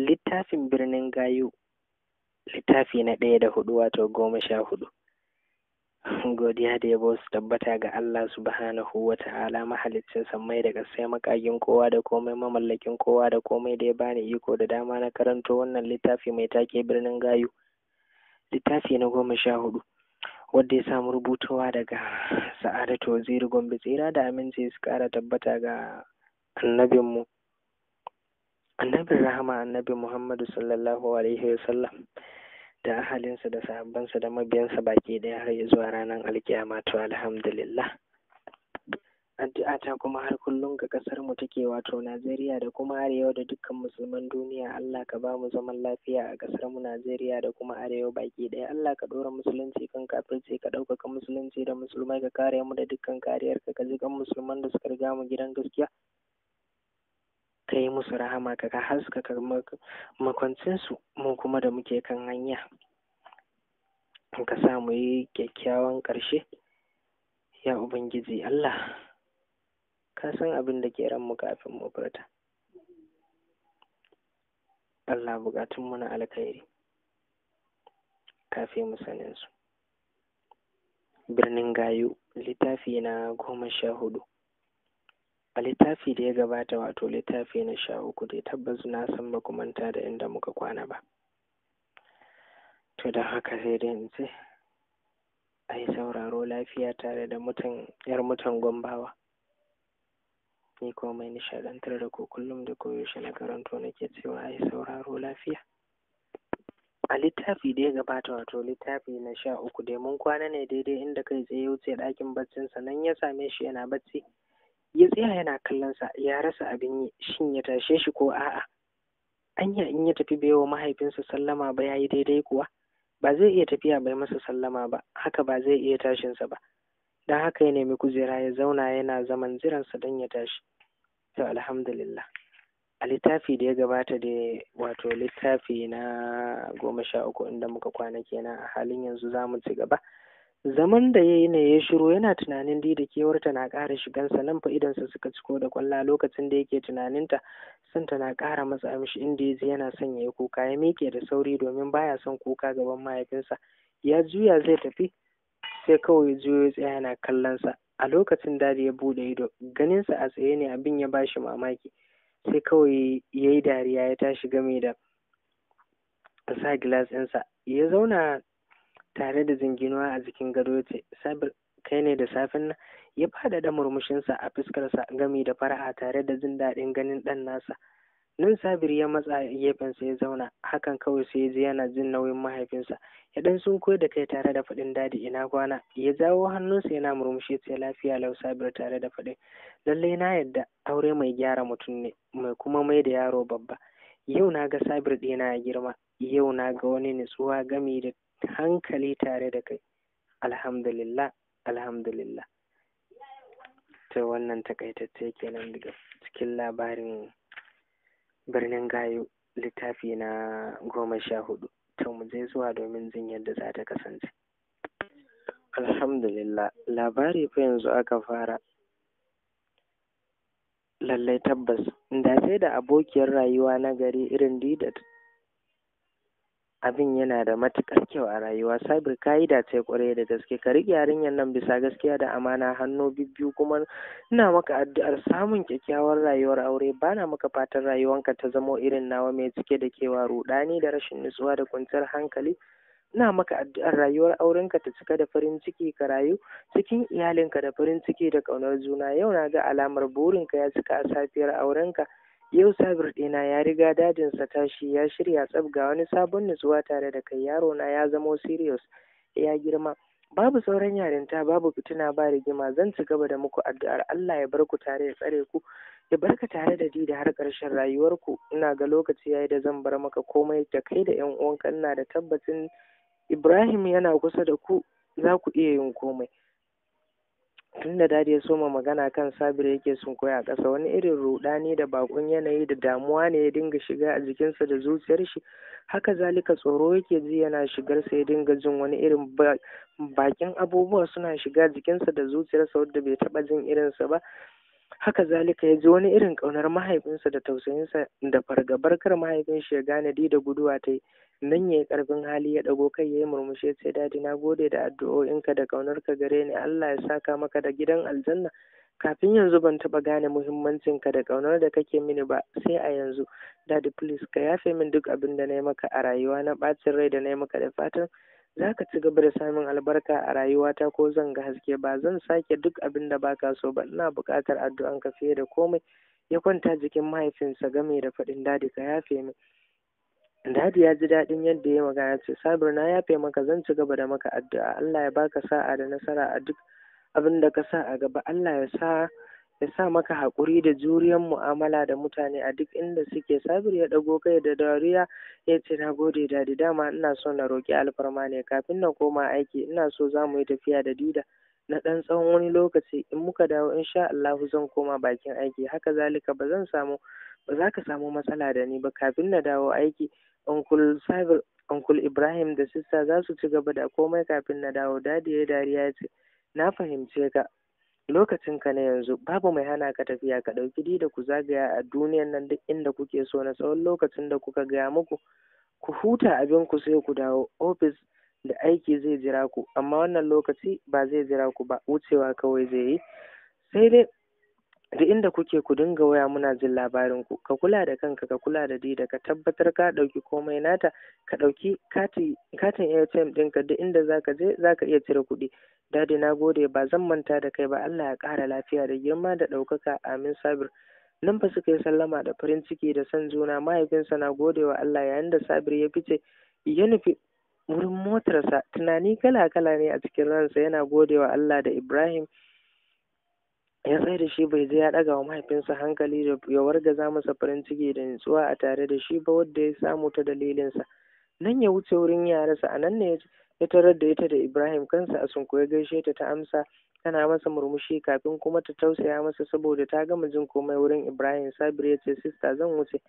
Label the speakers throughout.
Speaker 1: littafin birnin gayu littafi na ɗaya da hudu wato goma sha hudu godiya da yabo su tabbata ga Allah subhanahu wa ta'ala mahaliccin sammai da sai makagin kowa da komai mamallakin kowa da komai da ya bani iko da dama na karanto wannan littafi mai take birnin gayu littafi na goma sha hudu wadda ya samu rubutowa daga sa'adatu waziri gombe tsira da aminci su kara tabbata ga annabinmu annabin rahama annabi muhammadu sallallahu alaihi wasallam da ahalinsa da sahabbansa da mabiyansa baki daya har zuwa ranar alkiyama to alhamdulillah addu'a ta kuma har kullum ga kasar mu take wato Najeriya da kuma arewa da dukkan musulman duniya Allah ka ba mu zaman lafiya a kasar mu Najeriya da kuma arewa baki ɗaya Allah ka ɗora musulunci kan kafirci ka ɗaukaka musulunci da musulmai ka kare mu da dukkan kariyar ka ka ji kan musulman da suka riga mu gidan gaskiya ya yi musu rahama ka haskaka makwancinsu mu kuma da muke kan hanya ka sa mu yi kyakkyawan ƙarshe ya ubangiji allah ka san abin da ke ranmu kafin mu furta allah mu na alkhairi kafin mu sanin su birnin gayu littafi na goma sha hudu a littafi da ya gabata wato littafi na sha uku dai tabbas na san ba da inda muka kwana ba to da haka sai dai in ce a yi sauraro lafiya tare da mutan yar mutan gombawa ni kuma mai nishadantar da ku kullum da koyaushe na karanto nake cewa a yi sauraro lafiya a littafi da ya gabata wato littafi na sha uku dai mun kwana ne daidai inda kai tsaye wuce ɗakin baccinsa nan ya same shi yana bacci ya tsaya yana kallonsa ya rasa abin yi shin ya tashe shi ko a'a anya in ya tafi bai mahaifinsa sallama ba yi daidai kuwa ba zai iya tafiya bai masa sallama ba haka ba zai iya tashinsa ba don haka ya nemi kujera ya zauna yana zaman jiransa don ya tashi to alhamdulillah a littafi da ya gabata da wato littafi na goma sha uku inda muka kwana kenan a halin yanzu za mu ci gaba zaman da ya yi ne ya shiru yana tunanin dai da kewarta na ƙara shigansa nan fa suka ciko da kwalla lokacin da yake tunaninta son ta na ƙara matsa mishi inda ya ji yana son ya yi kuka ya miƙe da sauri domin baya son kuka gaban mahaifinsa ya juya zai tafi sai kawai juyo ya tsaya yana kallonsa a lokacin dadi ya buɗe ido ganinsa a tsaye ne abin ya bashi mamaki sai kawai ya yi dariya ya tashi game da sa gilas ɗinsa ya zauna tare da zinginuwa a jikin gado ya ce sabir kai ne da safin nan ya faɗaɗa murmushinsa a fuskarsa gami da fara'a tare da jin daɗin ganin ɗan nasa nan sabir ya matsa a gefensa ya zauna hakan kawai sai ya ji yana jin nauyin mahaifinsa ya ɗan sun da kai tare da faɗin dadi ina kwana ya jawo hannunsa yana murmushi sai lafiya lau sabir tare da faɗin lallai na yadda aure mai gyara mutum ne mai kuma mai da yaro babba yau na ga sabir ɗina ya girma yau na ga wani nutsuwa gami da hankali tare da kai alhamdulillah alhamdulillah Ta wannan takaitacce kenan daga cikin labarin birnin gayo littafi na goma sha hudu Ta mu je zuwa domin jin yadda za ta kasance alhamdulillah labari fa yanzu aka fara lallai tabbas da sai da abokiyar rayuwa na gari irin dida abin yana da matuƙar kyau a rayuwa sabir ka yi kwarai da gaske ka riƙe yarinyar nan bisa gaskiya da amana hannu bibbiyu kuma ina maka addu'ar samun kyakkyawar rayuwar aure bana maka fatan rayuwanka ta zamo irin nawa mai cike da kewa ruɗani da rashin nutsuwa da kwanciyar hankali ina maka addu'ar rayuwar aurenka ta cika da farin ciki ka rayu cikin iyalinka da farin ciki da ƙaunar juna yau na ga alamar burinka ya cika a safiyar aurenka Yau sabir ɗina ya riga sa tashi ya shirya tsaf ga wani sabon nutsuwa tare da kai yarona ya zamo serious ya girma. Babu sauran yarinta babu fitina ba rigima zan ci gaba da muku addu'ar Allah ya barku tare ya tsare ku ya barka tare da di da har ƙarshen rayuwarku ina ga lokaci yayi da zan bar maka komai da kai da 'yan uwanka ina da tabbacin Ibrahim yana kusa da ku za ku iya yin komai. tunda dadi ya soma magana kan sabir yake koya a ƙasa wani irin rudani da bakon yanayi da damuwa ne ya dinga shiga a jikinsa da zuciyar shi haka zalika tsoro yake ji yana shigarsa ya dinga jin wani irin bakin abubuwa suna shiga jikinsa da zuciyarsa wadda bai taba jin irinsa ba haka zalika ya ji wani irin ƙaunar mahaifinsa da tausayinsa da fargabarkar kar mahaifin shi ya gane da guduwa ta yi nan ya yi ƙarfin hali ya ɗago kai ya yi murmushi ya ce dadi na gode da addu'o'inka da ƙaunarka gare ni Allah ya saka maka da gidan aljanna kafin yanzu ban taɓa gane muhimmancinka da ƙaunar da kake mini ba sai a yanzu dadi please ka yafe min duk abin da na yi maka a rayuwa na ɓacin rai da na yi maka da fatan za ka ci gaba da samun albarka a rayuwata ko zan ga haske ba zan sake duk abin da baka so ba ina buƙatar addu'anka fiye da komai ya kwanta jikin mahaifinsa game da faɗin dadi ka yafe min dadi ya ji daɗin yadda ya magana ce sabir na yafe maka zan ci gaba da maka addu'a Allah ya baka sa'a da nasara a duk abin da ka sa a gaba Allah ya sa ya sa maka haƙuri da juriyar mu'amala da mutane a duk inda suke sabir ya ɗago kai da dariya ya ce na gode dadi dama ina so na roƙi alfarma ne kafin na koma aiki ina so za mu yi tafiya da dida na ɗan tsawon wani lokaci in muka dawo insha Allahu zan koma bakin aiki haka zalika ba zan samu ba za ka samu matsala da ni ba kafin na dawo aiki uncle sabir uncle Ibrahim da sista za su ci gaba da komai kafin na dawo dadi ya dariya ya ce na fahimce ka Lokacin ka na yanzu babu mai hana ka tafiya ka ɗauki dida ku zagaya a duniyan nan duk inda kuke so na tsawon lokacin da kuka gaya muku ku huta abin ku sai ku dawo ofis da aiki zai jira ku amma wannan lokaci ba zai jira ku ba wucewa kawai zai yi sai dai da inda kuke ku dinga waya muna jin labarin ku ka kula da kanka ka kula da dida ka tabbatar ka dauki komai nata ka ɗauki katin atm ɗinka duk inda zaka je zaka iya cire kuɗi dadi na gode ba zan manta da kai ba allah ya kara lafiya da girma da ɗaukaka amin sabir nan ba suka yi sallama da farin ciki da son juna mahaifinsa na gode wa allah yayin da sabir ya fice ya nufi wurin motarsa tunani kala-kala ne a cikin ransa yana gode wa allah da ibrahim ya tsaye da shi bai je ya ɗaga wa mahaifinsa hankali da ya wargaza masa farin ciki da nutsuwa a tare da shi ba wadda ya samu ta dalilinsa nan ya wuce wurin yaransa a nan ne ya tarar da ita da ibrahim kansa a ya gaishe ta ta amsa tana masa murmushi kafin kuma ta tausaya masa saboda ta gama jin komai wurin ibrahim sabir ya ce sista zan wuce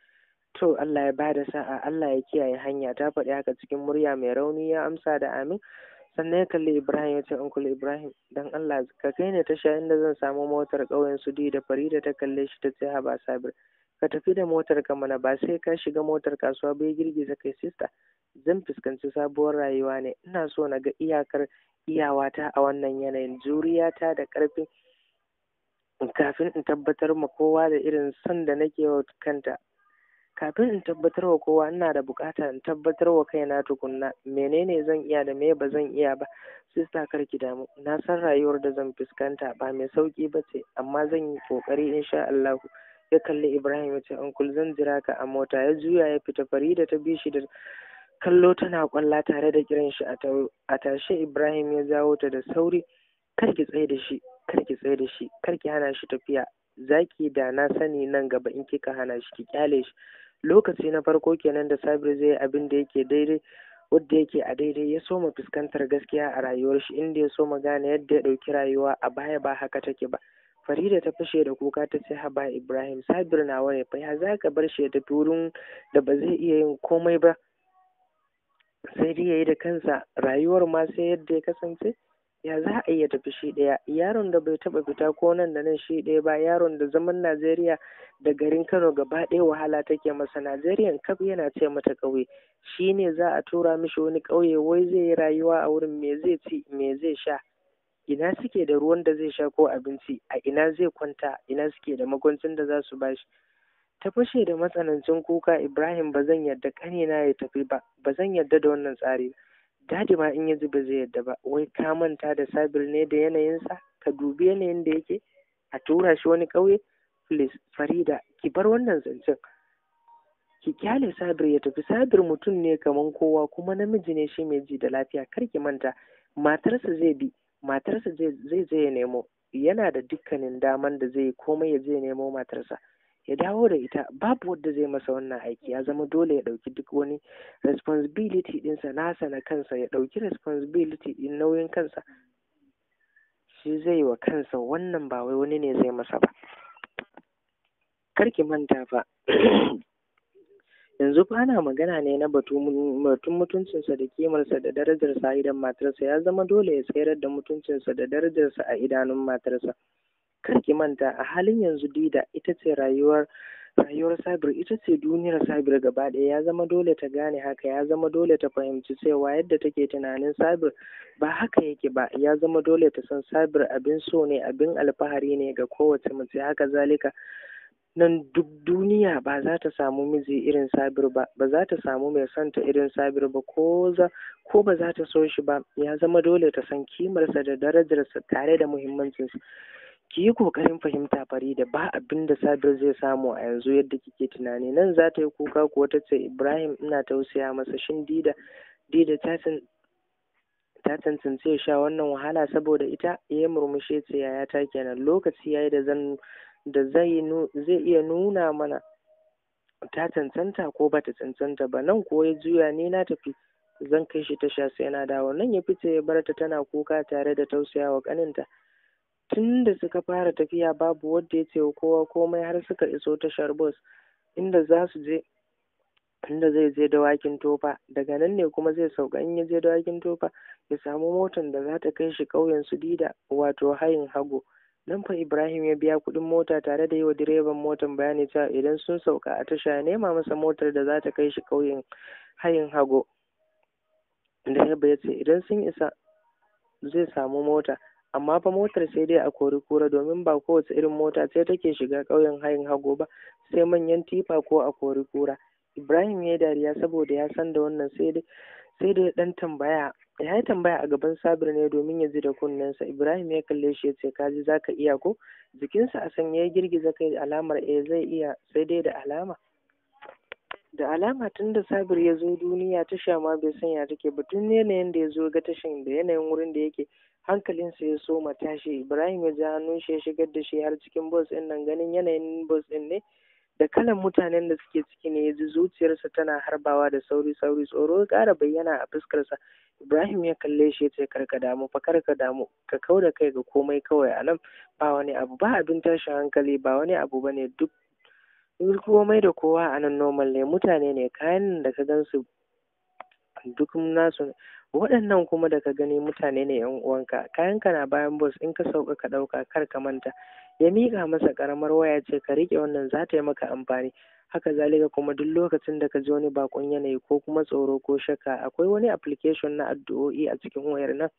Speaker 1: to allah ya bada sa'a allah ya kiyaye hanya ta faɗi haka cikin murya mai rauni ya amsa da amin sannan ya kalli ibrahim ya ce uncle ibrahim dan allah ka kai ne tasha inda zan samu motar ƙauyen su da farida ta kalle shi ta ce haba sabir ka tafi da motar ka mana ba sai ka shiga motar kasuwa ba ya girgiza kai sista zan fuskanci sabuwar rayuwa ne ina so na ga iyakar iyawata a wannan yanayin juriyata da ƙarfin kafin in tabbatar ma kowa da irin son da nake wa kanta kafin in tabbatar wa kowa ina da bukata in tabbatar wa kaina tukunna menene zan iya da me ba zan iya ba sista kar ki damu na san rayuwar da zan fuskanta ba mai sauki ba ce amma zan yi kokari insha Allah ya kalli Ibrahim ya ce uncle zan jira ka a mota ya juya ya fita Farida ta bi shi da kallo tana kwalla tare da kiran shi a tashe Ibrahim ya jawo ta da sauri kar ki tsaye da shi kar ki tsaye da shi kar ki hana shi tafiya zaki da na sani nan gaba in kika hana shi ki kyale shi lokaci na farko kenan da sabir zai abin da yake daidai wadda yake a daidai ya soma fuskantar gaskiya a rayuwar shi inda ya soma gane yadda ya ɗauki rayuwa a baya ba haka take ba farida ta fashe da kuka ta ce haba ibrahim sabir na waye fa ya zaka bar shi ya tafi wurin da ba zai iya yin komai ba sai dai ya da kansa rayuwar ma sai yadda ya kasance ya za a iya tafi shi ɗaya yaron da bai taɓa fita ko nan da nan shi ɗaya ba yaron da zaman najeriya da garin kano gaba ɗaya wahala take masa najeriyan kaf yana ce mata ƙauye shi ne za a tura mishi wani ƙauye wai zai yi rayuwa a wurin me zai ci me zai sha ina suke da ruwan da zai sha ko abinci a ina zai kwanta ina suke da magwancin da za su bashi ta fashe da matsanancin kuka ibrahim ba zan yarda ƙanina ya tafi ba ba zan yarda da wannan tsari ba dadi ma in yanzu ba zai yadda ba wai ka manta da sabir ne da yanayinsa ka dubi yanayin da yake a tura shi wani kauye, please farida ki bar wannan zancen ki kyale sabir ya tafi sabir mutum ne kaman kowa kuma namiji ne shi mai ji da lafiya kar ki manta matarsa zai bi matarsa zai zai nemo yana da dukkanin daman da zai komai ya je nemo matarsa ya dawo da ita babu wadda zai masa wannan aiki ya zama dole ya dauki duk wani responsibility dinsa nasa na kansa ya ɗauki responsibility din nauyin kansa shi zai wa kansa wannan ba wai wani ne zai masa ba karki manta fa yanzu fa ana magana ne na batun mutuncinsa da kimarsa da darajarsa a idan matarsa ya zama dole ya tsayar da mutuncinsa da darajarsa a idanun matarsa kar ki manta a halin yanzu dida ita ce rayuwar rayuwar sabir ita ce duniyar sabir gaba ɗaya ya zama dole ta gane haka ya zama dole ta fahimci cewa yadda take tunanin sabir ba haka yake ba ya zama dole ta san sabir abin so ne abin alfahari ne ga kowace mace haka zalika nan duk duniya ba za ta samu miji irin sabir ba ba za ta samu mai son ta irin sabir ba ko za ko ba za ta so shi ba ya zama dole ta san kimarsa da darajarsa tare da muhimmancinsa ki yi kokarin fahimta fari da ba abin da Sabir zai samu a yanzu yadda kike tunani nan za ta yi kuka kuwa ta ce Ibrahim ina tausaya masa shin Dida Dida ta ta tantance sha wannan wahala saboda ita ya murmushe ce yaya ta kenan lokaci ya yi da zan da zai zai iya nuna mana ta cancanta ko ba ta cancanta ba nan ko ya juya ne na tafi zan kai shi tasha sai na dawo nan ya fice ya bar ta tana kuka tare da tausayawa kaninta tun da suka fara tafiya babu wadda ya ce wa kowa komai har suka iso tashar bus inda za su je inda zai je dawakin tofa daga nan ne kuma zai sauka in ya je dawakin tofa ya samu motar da za ta kai shi ƙauyen su dida wato hayin hago nan fa ibrahim ya biya kuɗin mota tare da yi wa direban motar bayani cewa idan sun sauka a tasha ya nema masa motar da za ta kai shi ƙauyen hayin hago da ya ce idan sun isa zai samu mota amma fa motar sai dai a kori kura domin ba kowace irin mota sai take shiga ƙauyen hayin hago ba sai manyan tifa ko a kori kura ibrahim ya dariya saboda ya san da wannan sai dai sai dai dan tambaya ya yi tambaya a gaban sabir ne domin ya ji da kunnensa ibrahim ya kalle shi ya ce ka ji za ka iya ko jikinsa a sanya ya girgiza kai alamar eh zai iya sai dai da alama da alama tun da sabir ya zo duniya tasha ma bai sanya take ba tun yanayin da ya zo ga tashin da yanayin wurin da yake hankalinsa ya soma tashi ibrahim ya ja hannun shi ya shigar da shi har cikin bus ɗin nan ganin yanayin bus ɗin ne da kalan mutanen da suke ciki ne ya ji zuciyarsa tana harbawa da sauri sauri tsoro ya ƙara bayyana a fuskarsa ibrahim ya kalle shi ya ce karka damu fa karka damu ka kau da kai ga komai kawai a nan ba wani abu ba abin tashin hankali ba wani abu ba ne duk komai da kowa a nan normal ne mutane ne kayan da ka gansu duk nasu waɗannan kuma da ka gani mutane ne yan uwanka kayanka na bayan bus in ka sauka ka ɗauka kar ka manta ya miƙa masa ƙaramar waya ce ka riƙe wannan za ta yi maka amfani haka zalika kuma duk lokacin da ka ji wani bakon yanayi ko kuma tsoro ko shakka akwai wani application na addu'o'i a cikin wayar nan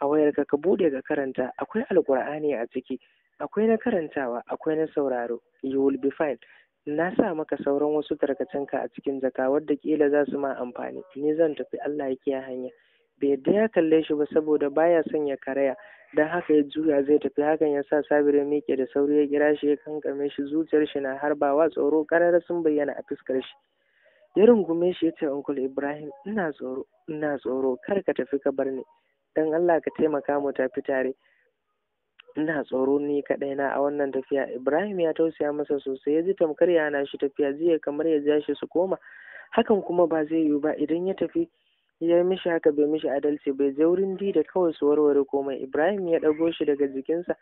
Speaker 1: a wayarka ka buɗe ka karanta akwai alƙur'ani a ciki akwai na karantawa akwai na sauraro you will be fine na sa maka sauran wasu ka a cikin jaka wadda kila za su ma amfani ni zan tafi Allah ya kiya hanya bai yadda ya kalle shi ba saboda baya son ya karaya dan haka ya juya zai tafi hakan ya sa sabir ya miƙe da sauri ya kira shi ya kankame shi zuciyar shi na harbawa tsoro karara sun bayyana a fuskar shi ya rungume shi ya ce uncle ibrahim ina tsoro ina tsoro kar ka tafi ka bar ni dan Allah ka taimaka mu tafi tare ina tsoro ni kaɗai na a wannan tafiya ibrahim ya tausaya masa sosai ya ji tamkar ya na shi tafiya jiya kamar ya ja shi su koma hakan kuma ba zai yiwu ba idan ya tafi ya mishi haka bai mishi adalci bai je wurin di da kawai su warware komai ibrahim ya ɗago shi daga jikinsa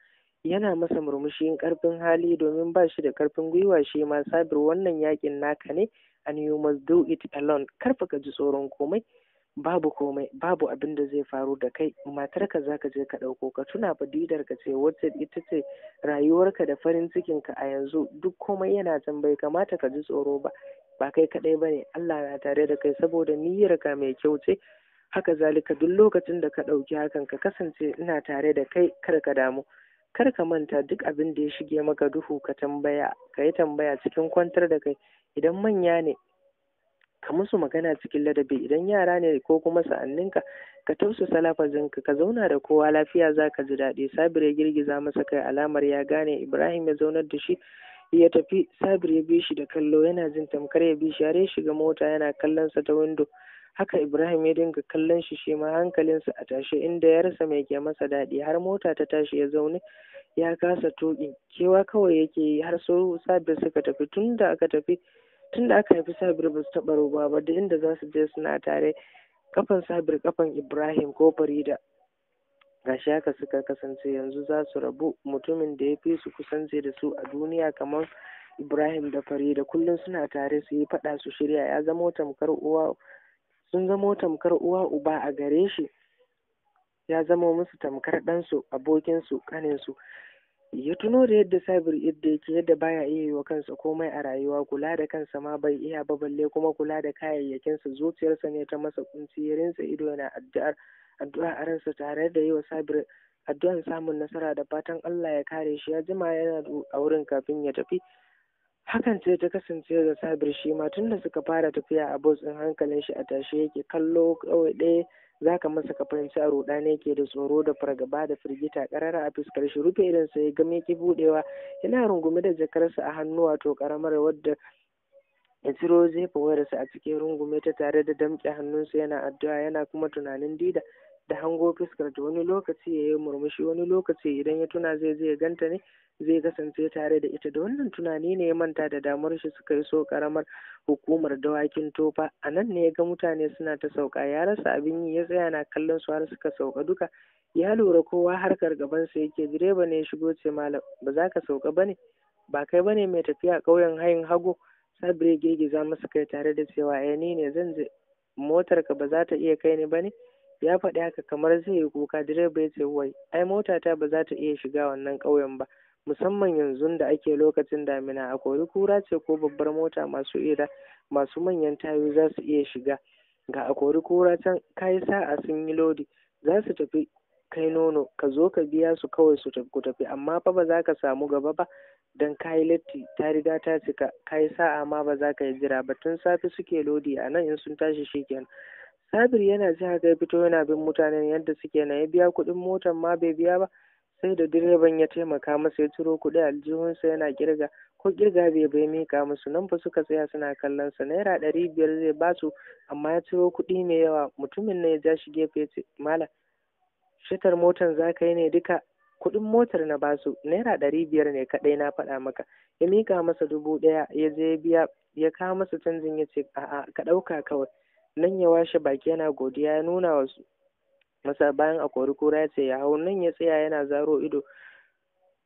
Speaker 1: yana masa murmushin karfin hali domin ba shi da karfin gwiwa shi ma sabir wannan yakin naka ne and you must do it alone karfa ka ji tsoron komai babu komai babu abin da zai faru da kai matarka za ka je ka ɗauko ka tuna fadidar ka ce wacce ita ce rayuwarka da farin cikin ka a yanzu duk komai yana can bai kamata ka ji tsoro ba ba kai kaɗai ba ne allah na tare da kai saboda niyyar ka mai kyau ce haka zalika duk lokacin da ka ɗauki hakan ka kasance ina tare da kai kar ka damu kar ka manta duk abin da ya shige maka duhu ka tambaya ka yi tambaya cikin kwantar da kai idan manya ne ka musu magana cikin ladabi idan yara ne ko kuma sa'anninka ka tausasa lafazinka ka zauna da kowa lafiya za ka ji daɗi sabir ya girgiza masa kai alamar ya gane ibrahim ya zaunar da shi ya tafi sabir ya bi shi da kallo yana jin tamkar ya bi shi har ya shiga mota yana kallon sa ta windo haka ibrahim ya dinga kallon shi shi ma hankalinsa a tashe inda ya rasa mai ke masa daɗi har mota ta tashi ya zaune ya kasa tuƙi kewa kawai yake yi har su sabir suka tafi tun da aka tafi tun da aka haifi sabir ba su taɓa roba ba da inda za su je suna tare kafan sabir kafan ibrahim ko farida gashi haka suka kasance yanzu za su rabu mutumin da ya fi su kusance da su a duniya kamar ibrahim da farida kullum suna tare su yi faɗa su shirya ya zamo tamkar uwa sun zamo tamkar uwa uba a gare shi ya zamo musu tamkar ɗansu abokinsu ƙaninsu ya tuno da yadda sabir yadda yake yadda baya iya yi wa kansa komai a rayuwa kula da kansa ma bai iya ba balle kuma kula da kayayyakinsa zuciyarsa ne ta masa kunci ya rinsa ido yana addu'ar addu'a a ransa tare da yi wa sabir addu'an samun nasara da fatan Allah ya kare shi ya jima yana a wurin kafin ya tafi hakan ce ta kasance da sabir shi ma tunda suka fara tafiya a bus din hankalin shi a tashe yake kallo kawai ɗaya za ka masa ka fahimci a ruɗa ne da tsoro da fargaba da firgita karara a fuskar shi rufe idan sai ya game ki buɗewa yana rungume da jakarsa a hannu wato karamar wadda ya ciro zefa wayarsa a cikin rungume ta tare da damƙe hannunsa yana addu'a yana kuma tunanin dida da hango fiskar fuskarta wani lokaci ya yi murmushi wani lokaci idan ya tuna zai je ganta ne zai kasance tare da ita da wannan tunani ne ya manta da damar shi suka yi so karamar hukumar dawakin tofa a nan ne ya ga mutane suna ta sauka ya rasa abin yi ya tsaya na kallon su har suka sauka duka ya lura kowa harkar gaban sa yake direba ne ya shigo ce malam ba za ka sauka ba ne ba kai ba ne mai tafiya ƙauyen hayin hago sabre girgiza masa kai tare da cewa ya eh, ne zan je motarka ba za ta iya kai ni ba ne ya faɗi haka kamar zai yi kuka direba ya ce wai ai motata ba za ta iya shiga wannan ƙauyen ba musamman yanzu da ake lokacin damina a kori kura ce ko babbar mota masu ira masu manyan tayoyi za su iya shiga ga a kori kura can kayi sa'a sun yi lodi za su tafi kai nono ka zo ka biya su kawai su ku tafi amma fa ba za ka samu gaba ba dan kayi latti ta riga ta cika kayi sa'a ma ba za ka yi jira ba tun safe suke lodi a nan in sun tashi shikenan sabir yana ji haka ya fito yana bin mutanen yadda suke na ya biya kuɗin motar ma bai biya ba sai da direban ya taimaka masa ya ciro kuɗi aljihunsa yana kirga ko kirga bai bai mika musu nan fa suka tsaya suna kallon sa naira ɗari biyar zai ba su amma ya ciro kuɗi mai yawa mutumin ne ya ja shi gefe ce malam shitar motar za ka yi ne duka kuɗin motar na basu naira ɗari biyar ne kaɗai na faɗa maka ya mika masa dubu ɗaya ya je biya ya kawo masa canjin ya ce a'a ka ɗauka kawai nan ya washe baki yana godiya ya nuna wa masa bayan a kori kura ya ce ya hau nan ya tsaya yana zaro ido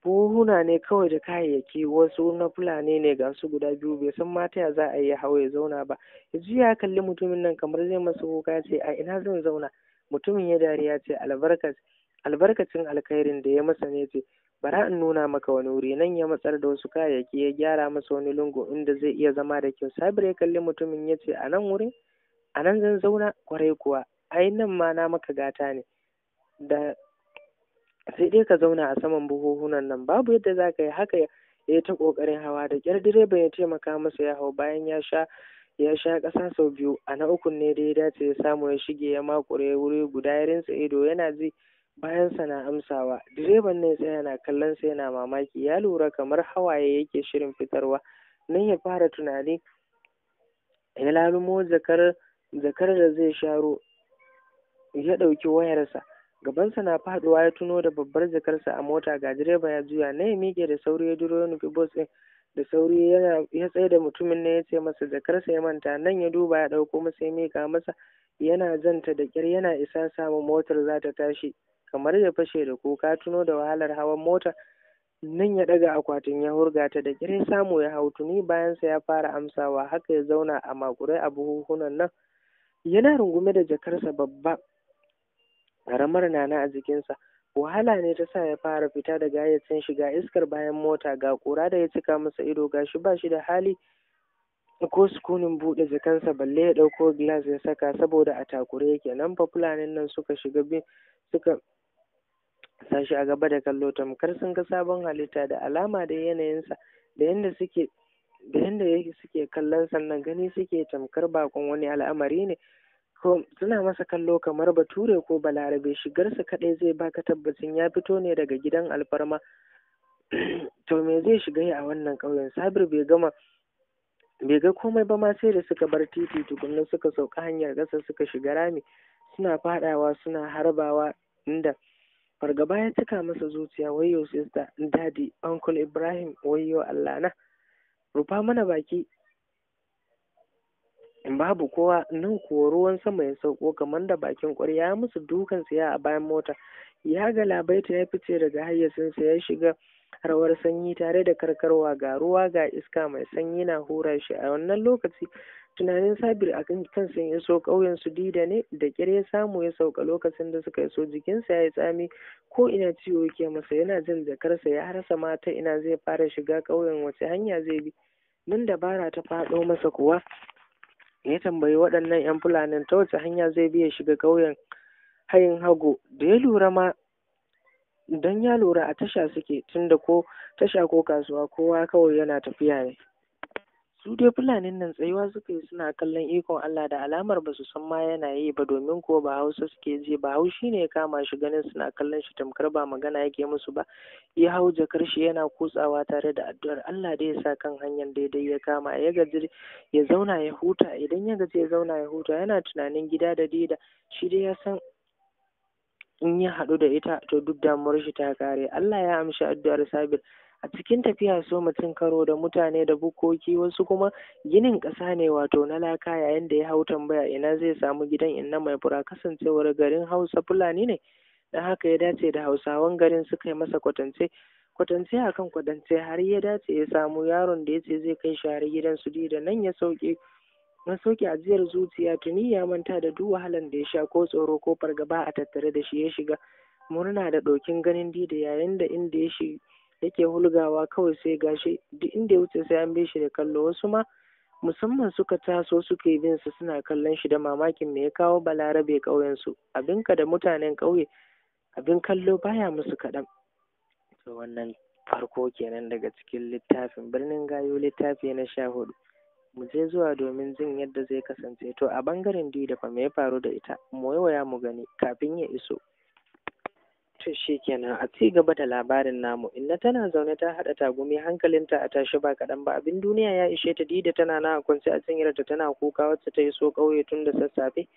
Speaker 1: buhuna ne kawai da kayayyaki wasu na fulani ne ga su guda biyu bai san mata ya za a yi hau ya zauna ba yanzu ya kalli mutumin nan kamar zai masa kuka ya ce a ina zan zauna mutumin ya dariya ce albarkacin alkhairin da ya masa ne ce bara in nuna maka wani wuri nan ya matsar da wasu kayayyaki ya gyara masa wani lungu inda zai iya zama da kyau sabir ya kalli mutumin ya ce a nan wurin a nan zan zauna kwarai kuwa ai nan ma na maka gata ne da sai dai ka zauna a saman buhuhunan nan babu yadda za ka yi haka ya ta ƙoƙarin hawa da ƙyar direban ya taimaka masa ya hau bayan ya sha ya sha ƙasa sau biyu a na ukun ne dai ya dace ya samu ya shige ya makure wuri guda ya rinsa ido yana ji bayansa na amsawa direban ne tsaya na kallon sa yana mamaki ya lura kamar hawaye yake shirin fitarwa nan ya fara tunani ya lalumo jakar zakar da zai sharo ya ɗauki wayarsa gabansa na faduwa ya tuno da babbar jakarsa a mota ga direba ya juya na ya miƙe da sauri ya duro ya nufi bus ɗin da sauri ya tsaye da mutumin ne ya ce masa jakarsa ya manta nan ya duba ya ɗauko masa ya miƙa masa yana zanta da ƙyar yana isa samun motar za ta tashi kamar ya fashe da kuka tuno da wahalar hawan mota nan ya ɗaga akwatin ya hurga ta da ƙyar ya samu ya hau tuni bayansa ya fara amsawa haka ya zauna a makurai a buhuhunan nan yana rungume da jakarsa babba ƙaramar nana a jikinsa wahala ne ta sa ya fara fita daga hayyacin shiga iskar bayan mota ga ƙura da ya cika masa ido ga shi ba shi da hali ko sukunin buɗe jakarsa, balle ya ɗauko gilas ya saka saboda a takure yake nan fa fulanin nan suka shiga bin suka sashi a gaba da kallo tamkar sun ga sabon halitta da alama da yanayinsa da yanda suke da yadda yake suke kallon sannan gani suke tamkar bakon wani al'amari ne ko suna masa kallo kamar bature ko balarabe shigarsa kaɗai zai baka tabbacin ya fito ne daga gidan alfarma to me zai shiga a wannan ƙauyen sabir bai gama bai ga komai ba ma sai da suka bar titi tukunna suka sauka hanyar gasa suka shiga rami suna faɗawa suna harbawa inda fargaba ya cika masa zuciya wayo sista dadi uncle ibrahim wayo allah na rufa mana baki babu kowa nan kuwa ruwan sama ya sauko kamar da bakin ƙwarya ya musu dukan siya a bayan mota ya ga labaita ya fice daga hayyacinsa ya shiga rawar sanyi tare da karkarwa ga ruwa ga iska mai sanyi na hura shi a wannan lokaci tunanin sabir a kan sun ya so ƙauyen su dida ne da kire ya samu ya sauka lokacin da suka iso jikinsa ya yi tsami ko ina ciwo yake masa yana jin jakarsa ya rasa mata ina zai fara shiga ƙauyen wace hanya zai bi nan dabara ta faɗo masa kuwa ya tambayi waɗannan 'yan fulanin ta wace hanya zai bi ya shiga ƙauyen hayin hago da ya lura ma don ya lura a tasha suke tunda ko tasha ko kasuwa kowa kawai yana tafiya ne su dai fulanin nan tsayuwa suka yi suna kallon ikon Allah da alamar ba su san ma yana yi ba domin ko ba hausa suke je ba hau shi ne ya kama shi ganin suna kallon shi tamkar ba magana yake musu ba ya hau jakar shi yana kutsawa tare da addu'ar Allah da ya sa kan hanyar daidai ya kama ya gaji ya zauna ya huta idan ya gaji ya zauna ya huta yana tunanin gida da dida shi dai ya san in ya haɗu da ita to duk damuwar shi ta kare Allah ya amshi addu'ar Sabir a cikin tafiya so mutum karo da mutane da bukoki wasu kuma ginin ƙasa ne wato na laka yayin da ya hau tambaya ina zai samu gidan in na mai fura kasancewar garin hausa fulani ne don haka ya dace da hausawan garin suka yi masa kwatance kwatance a kan kwatance har ya dace ya samu yaron da ya ce zai kai shi gidan su da nan ya sauke na sauke ajiyar zuciya tuni ya manta da duk wahalan da ya sha ko tsoro ko fargaba a tattare da shi ya shiga murna da ɗokin ganin dida yayin da inda ya shiga yake hulgawa kawai sai gashi duk inda ya wuce sai an bi shi da kallo wasu ma musamman suka taso suke bin su suna kallon shi da mamakin me ya kawo balarabe ƙauyen su abinka da mutanen ƙauye abin kallo baya musu kaɗan to wannan farko kenan daga cikin littafin birnin gayo littafi na sha hudu mu je zuwa domin jin yadda zai kasance to a bangaren didafa me ya faru da ita mu waya mu gani kafin ya iso To shi kenan a ci gaba da labarin namu inna tana zaune ta haɗa tagumi hankalinta a tashi ba kaɗan ba abin duniya ya ishe ta dida tana na kwance a cinyarta tana kuka wacce ta yi so ƙauye tun da sassafe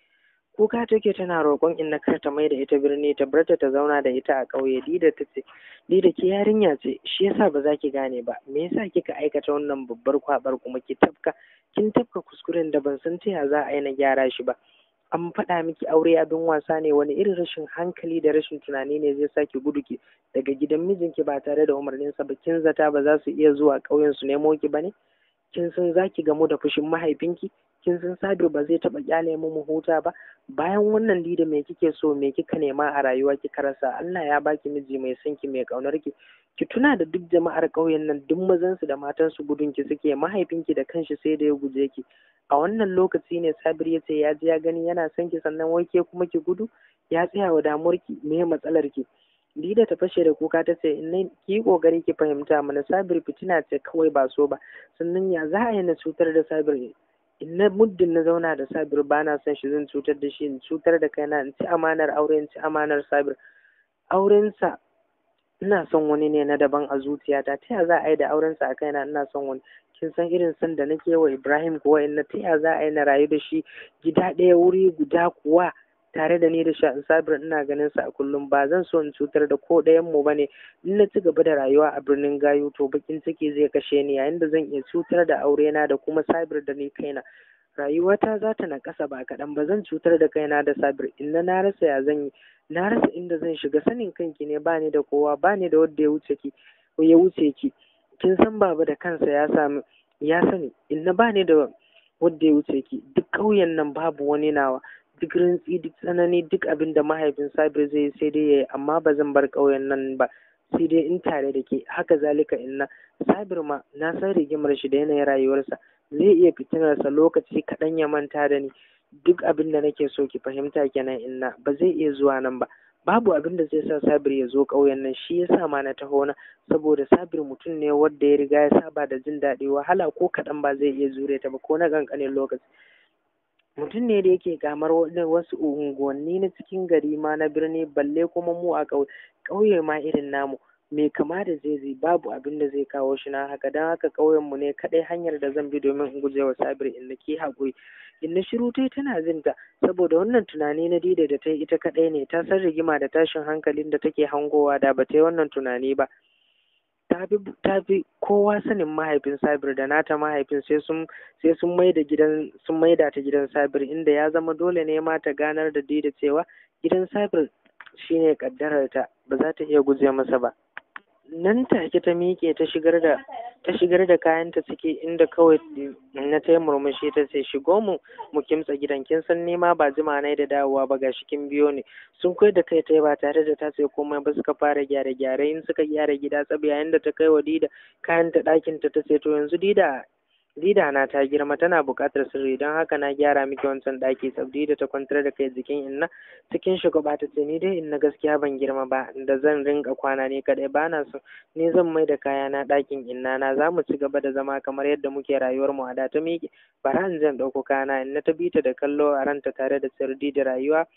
Speaker 1: kuka take tana roƙon inna kar ta mai da ita birni ta barta ta zauna da ita a ƙauye dida ta ce dida ke yarinya ce shi yasa ba za ki gane ba me yasa kika aikata wannan babbar kwabar kuma ki tafka kin tafka kuskuren da ban san ta za a yi na gyara shi ba an faɗa miki aure abin wasa ne wani irin rashin hankali da rashin tunani ne zai sake gudu ki daga gidan mijinki ba tare da umarninsa ba kin zata ba za su iya zuwa ƙauyen su nemo ki bane kin san zaki gamu da fushin mahaifinki kin san Sabiu ba zai taɓa kyale mu mu huta ba bayan wannan dida me kike so me kika nema a rayuwa kika rasa Allah ya baki miji mai son ki mai kaunar ki ki tuna da duk jama'ar ƙauyen nan duk mazan su da matan su gudun ki suke mahaifinki da kanshi sai da ya guje ki a wannan lokaci ne Sabir ya ce ya ji ya gani yana son ki sannan wai ke kuma ki gudu ya tsaya wa damuwar ki me matsalar ki Lida ta fashe da kuka ta ce in ki kokari ki fahimta mana Sabir fitina ce kawai ba so ba sannan ya za a cutar da Sabir Inna muddin na zauna da sabir ba na son shi zan cutar da shi in cutar da kaina in ci amanar aure in ci amanar sabir aurensa ina son wani ne na daban a zuciyata ta ya za a yi da aurensa a kaina ina son wani kin san irin son da nake wa Ibrahim kuwa in na ta ya za a yi na rayu da shi gida ɗaya wuri guda kuwa tare da ni da sha'in sabir ina ganin sa a kullum ba zan so in cutar da ko ɗayan mu bane in na ci gaba da rayuwa a birnin gayu to bakin ciki zai kashe ni yayin da zan iya cutar da aure na da kuma sabir da ni kaina rayuwata za ta naƙasa ba kaɗan ba zan cutar da kaina da sabir In na rasa ya zan yi na rasa inda zan shiga sanin kanki ne ba ni da kowa ba ni da wanda ya wuce ki ya wuce ki kin san baba da kansa ya sami ya sani na ba ni da wanda ya wuce ki duk ƙauyen nan babu wani nawa duk rantsi, duk tsanani duk abin da mahaifin sabir zai yi sai dai yayi amma ba zan bar ƙauyen nan ba sai dai in tare da ke haka zalika inna sabir ma na san rigimar shi da yanayin rayuwarsa zai iya fitinarsa lokaci kaɗan ya manta da ni duk abin da nake so ki fahimta kenan inna ba zai iya zuwa nan ba babu abin da zai sa sabir ya zo ƙauyen nan shi yasa ma na taho na saboda sabir mutum ne wanda ya riga ya saba da jin daɗi wahala ko kaɗan ba zai iya zure ta ba ko na ƙanƙanin lokaci mutum ne da yake kamar wasu unguwanni na cikin gari ma na birni balle kuma mu a ƙauye ma irin namu me kama da zai babu abin da zai kawo shi na haka don haka mu ne kaɗai hanyar da zan bi domin in gujewa sabir in ke haƙuri in na shiru tai tana zinta saboda wannan tunani na dida da ta ita kaɗai ne ta san rigima da tashin hankalin da take hangowa da ba ta yi wannan tunani ba Habibu ta fi kowa sanin mahaifin Sabir da nata mahaifin sai sun sai sun maida gidan sun maida ta gidan Sabir inda ya zama dole ne ma ta ganar da Dida cewa gidan Sabir shine kaddararta ta ba za ta iya guje masa ba nan take ta miƙe ta shigar da ta shigar da kayanta ciki inda kawai na ta murmushi ta ce shigo mu mu kimtsa gidan kin san nema ba jima ne da dawowa ba ga shikin biyo ne sun kai da kai tai ba tare da ta ce komai ba suka fara gyare gyare in suka gyara gida tsabi, yayin da ta kai wa dida kayanta ɗakin ta ta ce to yanzu dida Lida na ta girma tana buƙatar sirri don haka na gyara miki wancan ɗaki tsabdi da ta kwantar da kai jikin inna cikin shugaba ta ce ni dai inna gaskiya ban girma ba da zan rinka kwana ne kaɗai ba na so ni zan mai da kaya na ɗakin inna na za mu ci gaba da zama kamar yadda muke rayuwar mu a da ta miƙe bara in zan ɗauko kayana inna ta bita da kallo a ranta tare da sirri da rayuwa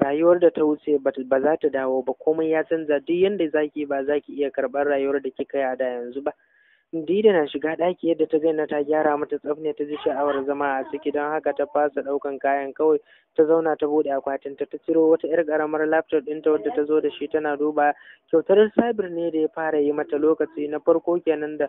Speaker 1: rayuwar da ta wuce ba za ta dawo ba komai ya canza duk yadda zaki ba zaki iya karɓar rayuwar da kika yi a da yanzu ba Dida na shiga ɗaki yadda ta zaina ta gyara mata tsafne ta ji sha'awar zama a ciki don haka ta fasa ɗaukan kayan kawai ta zauna ta buɗe akwatinta ta ciro wata 'yar ƙaramar laptop ta wadda ta zo da shi tana duba kyautar sabir ne da ya fara yi mata lokaci na farko kenan da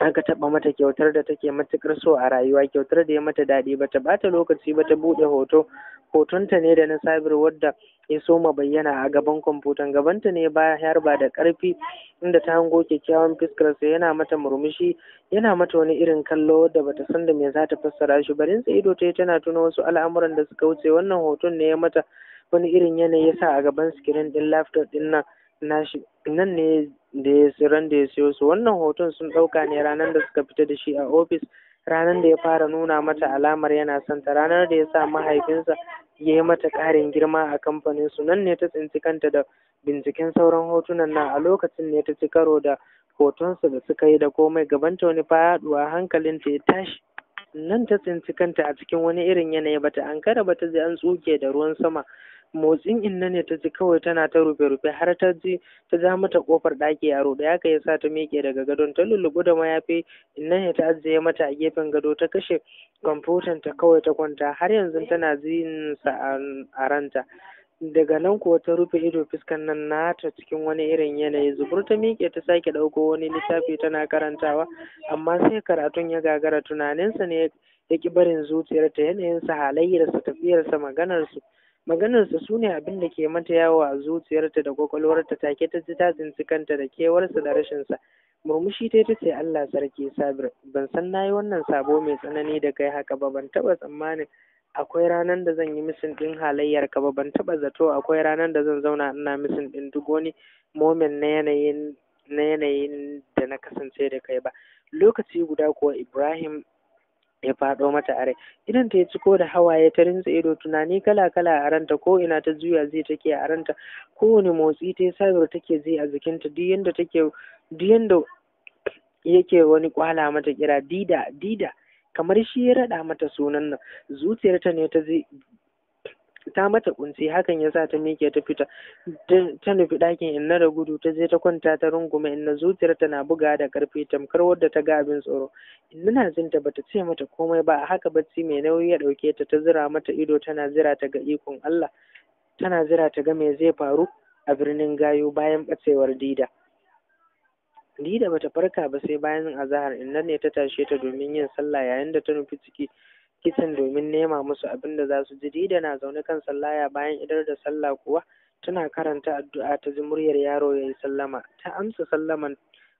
Speaker 1: aka taɓa mata kyautar da take matukar so a rayuwa kyautar da ya mata daɗi bata bata lokaci ba ta buɗe hoto hotonta ne da na sabir wadda ya soma bayyana a gaban kwamfutan gabanta ne ba harba da ƙarfi inda ta hango kyakkyawan fuskarsa yana mata murmushi yana mata wani irin kallo wadda bata san da me za ta fassara shi barin sa ido ta tana tuna wasu al'amuran da suka wuce wannan hoton ne ya mata wani irin yanayi ya sa a gaban sikirin ɗin laptop ɗin nan nashi nan ne da ya ran da ya siyo su wannan hoton sun ɗauka ne ranar da suka fita da shi a ofis ranar da ya fara nuna mata alamar yana son ta ranar da ya sa mahaifinsa ya yi mata ƙarin girma a kamfanin su nan ne ta tsinci kanta da binciken sauran hotunan nan a lokacin ne ta ci karo da hotonsa da suka yi da komai gaban ta wani faɗuwa ta ya tashi nan ta tsinci kanta a cikin wani irin yanayi bata ankara bata ji an tsuke da ruwan sama motsin inna ne ta ji kawai tana ta rufe-rufe har ta ji ta ja mata kofar ɗaki a ruɗe haka ya sa ta miƙe daga gadon ta lullubu da mayafi inna ne ta ajiye mata a gefen gado ta kashe kwamfutan ta kawai ta kwanta har yanzu tana jin sa a ranta daga nan kuwa ta rufe ido fuskan nan nata cikin wani irin yanayi zubur ta miƙe ta sake ɗauko wani littafi tana karantawa amma sai karatun ya gagara tunaninsa ne ya ƙi barin zuciyarta yanayinsa halayyarsa tafiyarsa maganarsu maganarsa su ne abin da ke mata yawo a zuciyarta da kwakwalwarta take ta ji ta tsinci kanta da kewarsa da rashinsa murmushi ta ta ce Allah sarki sabir ban san nayi wannan sabo mai tsanani da kai haka ba ban taba tsammanin akwai ranar da zan yi misin din halayyar ka ba ban taba zato akwai ranar da zan zauna ina misin din duk wani moment na yanayin na yanayin da na kasance da kai ba lokaci guda kuwa Ibrahim ya faɗo mata a rai idan ta ya ciko da hawaye ta rinsa ido tunani kala kala a ranta ko ina ta juya zai take a ranta kowane motsi ta sabar take zai a jikinta duk yanda take duk yanda yake wani kwala mata kira dida dida kamar shi ya raɗa mata sunan nan zuciyarta ne ta zai ta mata kunci hakan ya sa ta miƙe ta fita ta nufi ɗakin inna da gudu ta je ta kwanta ta rungume inna zuciyar tana buga da ƙarfi tamkar wadda ta ga abin tsoro inna na jinta bata ce mata komai ba a haka bacci mai nauyi ya ɗauke ta ta zira mata ido tana zira ta ga ikon Allah tana zira ta ga me zai faru a birnin gayo bayan ɓacewar dida dida bata farka ba sai bayan azahar inna ne ta tashe ta domin yin sallah yayin da ta nufi ciki kisan domin nema musu abin da za su ji dida na zaune kan sallaya bayan idar da sallah kuwa tana karanta addu'a ta ji muryar yaro ya yi sallama ta amsa sallaman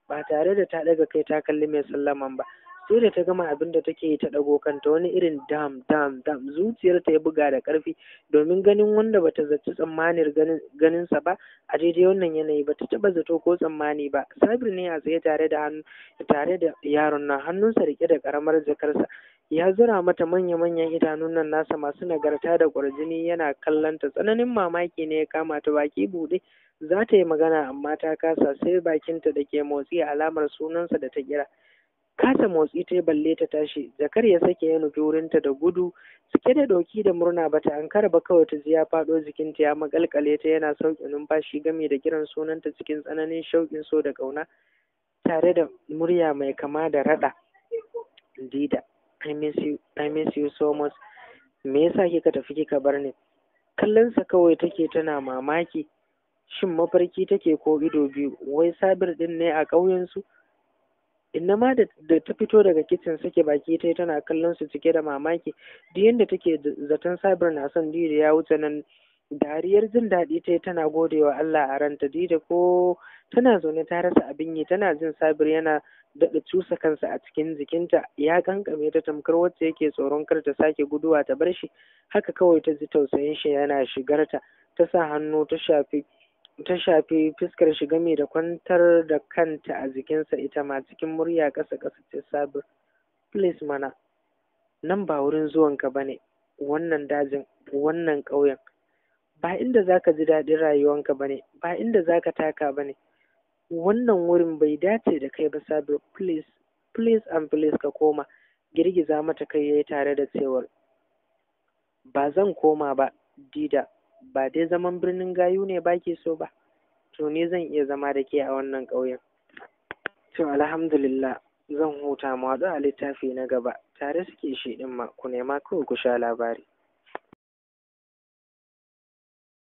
Speaker 1: ba tare da ta daga kai ta kalli mai sallaman ba sai da ta gama abin da take yi ta dago kanta wani irin dam dam dam zuciyar ta ya buga da karfi domin ganin wanda bata zaci tsammanin ganin sa ba a daidai wannan yanayi bata taba zato ko tsammani ba sabir ne a tsaye tare da hannu tare da yaron nan hannunsa rike da karamar jakarsa ya zura mata manya-manyan idanun nan nasa masu nagarta da ƙwarjini yana kallon ta tsananin mamaki ne ya kama ta baki buɗe za ta yi magana amma ta kasa sai bakinta da ke motsi alamar sunansa da ta kira kasa motsi ta balle ta tashi zakar ya sake ya nufi wurinta da gudu cike da doki da murna ba ta ankara ba kawai ta ji ya faɗo jikinta ya makalkale ta yana sauƙin numfashi game da kiran sunanta cikin tsananin shauƙin so da ƙauna tare da murya mai kama da raɗa dida I miss you so much me yasa kika tafi kika bar ni kallonsa kawai take tana mamaki shin mafarki take ko ido biyu wai sabir din ne a ƙauyensu inna ma da ta fito daga kicin sake baki ta tana kallon su cike da mamaki duk yanda take zaton sabir na son da ya wuce nan dariyar jin daɗi ta tana gode wa Allah a ranta dida ko tana zaune ta rasa abin yi tana jin sabir yana daɗa cusa kansa a cikin jikinta ya kankame ta tamkar wacce yake tsoron kar ta sake guduwa ta bar shi haka kawai ta ji tausayin shi yana shigarta ta sa hannu ta shafi ta shafi fuskar shi game da kwantar da kanta a jikinsa ita ma cikin murya ƙasa ƙasa ce sabir please mana nan ba wurin zuwanka ba ne, wannan dajin wannan ƙauyen ba inda za ka ji daɗin rayuwanka ba ne ba inda za ka taka ba ne wannan wurin bai dace da kai ba sabo please please and please ka koma girgiza mata kai yayi tare da cewar ba zan koma ba dida ba dai zaman birnin gayu ne ba ke so ba to ni zan iya zama da ke a wannan ƙauyen to alhamdulillah zan huta mu haɗu a littafi na gaba tare suke shi ɗin ma ku nema kawai ku sha labari